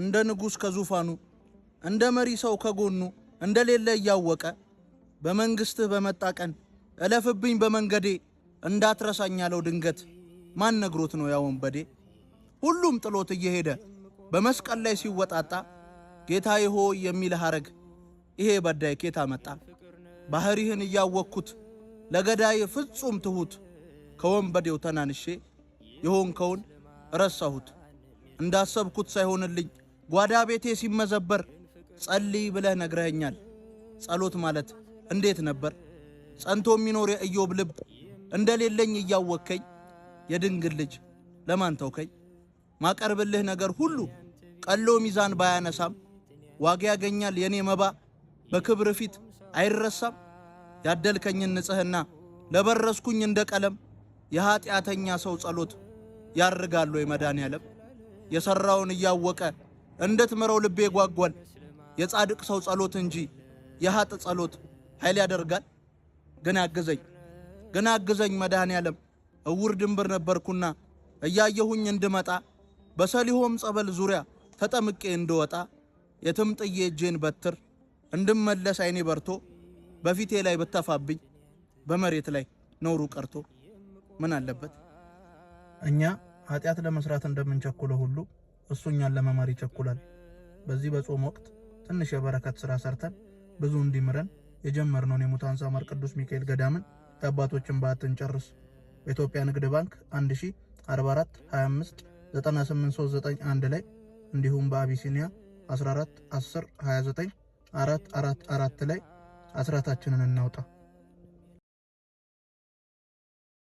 እንደ ንጉሥ ከዙፋኑ እንደ መሪ ሰው ከጎኑ እንደሌለ እያወቀ በመንግሥትህ በመጣ ቀን እለፍብኝ በመንገዴ እንዳትረሳኝ ያለው ድንገት ማን ነግሮት ነው ያ ወንበዴ? ሁሉም ጥሎት እየሄደ በመስቀል ላይ ሲወጣጣ ጌታዬ ሆይ የሚል ሐረግ ይሄ በዳይ ኬታ መጣ። ባሕሪህን እያወቅኩት ለገዳዬ ፍጹም ትሁት ከወንበዴው ተናንሼ የሆንከውን ረሳሁት እንዳሰብኩት ሳይሆንልኝ ጓዳ ቤቴ ሲመዘበር ጸልይ ብለህ ነግረኸኛል። ጸሎት ማለት እንዴት ነበር? ጸንቶ የሚኖር የእዮብ ልብ እንደሌለኝ እያወከኝ የድንግል ልጅ ለማን ተውከኝ? ማቀርብልህ ነገር ሁሉ ቀሎ ሚዛን ባያነሳም ዋጋ ያገኛል የኔ መባ በክብር ፊት አይረሳም። ያደልከኝን ንጽህና ለበረስኩኝ እንደ ቀለም የኀጢአተኛ ሰው ጸሎት ያርጋሉ የመዳን ያለም የሠራውን እያወቀ እንድትምረው ልቤ ጓጓል። የጻድቅ ሰው ጸሎት እንጂ የሀጥ ጸሎት ኃይል ያደርጋል። ግን አግዘኝ ግን አግዘኝ መድኃኔ እውር ድንብር ነበርኩና እያየሁኝ እንድመጣ በሰሊሆም ጸበል ዙሪያ ተጠምቄ እንድወጣ የትም ጥዬ እጄን በትር እንድመለስ አይኔ በርቶ በፊቴ ላይ ብተፋብኝ በመሬት ላይ ነውሩ ቀርቶ ምን አለበት እኛ ኃጢአት ለመስራት እንደምንቸኩለው ሁሉ እርሱ እኛን ለመማር ይቸኩላል። በዚህ በጾም ወቅት ትንሽ የበረከት ሥራ ሰርተን ብዙ እንዲምረን የጀመርነውን የሙታን ሳማር ቅዱስ ሚካኤል ገዳምን የአባቶችን ባትን ጨርስ በኢትዮጵያ ንግድ ባንክ 1044 25 ላይ እንዲሁም በአቢሲኒያ 14 10 29 444 ላይ አስራታችንን እናውጣ።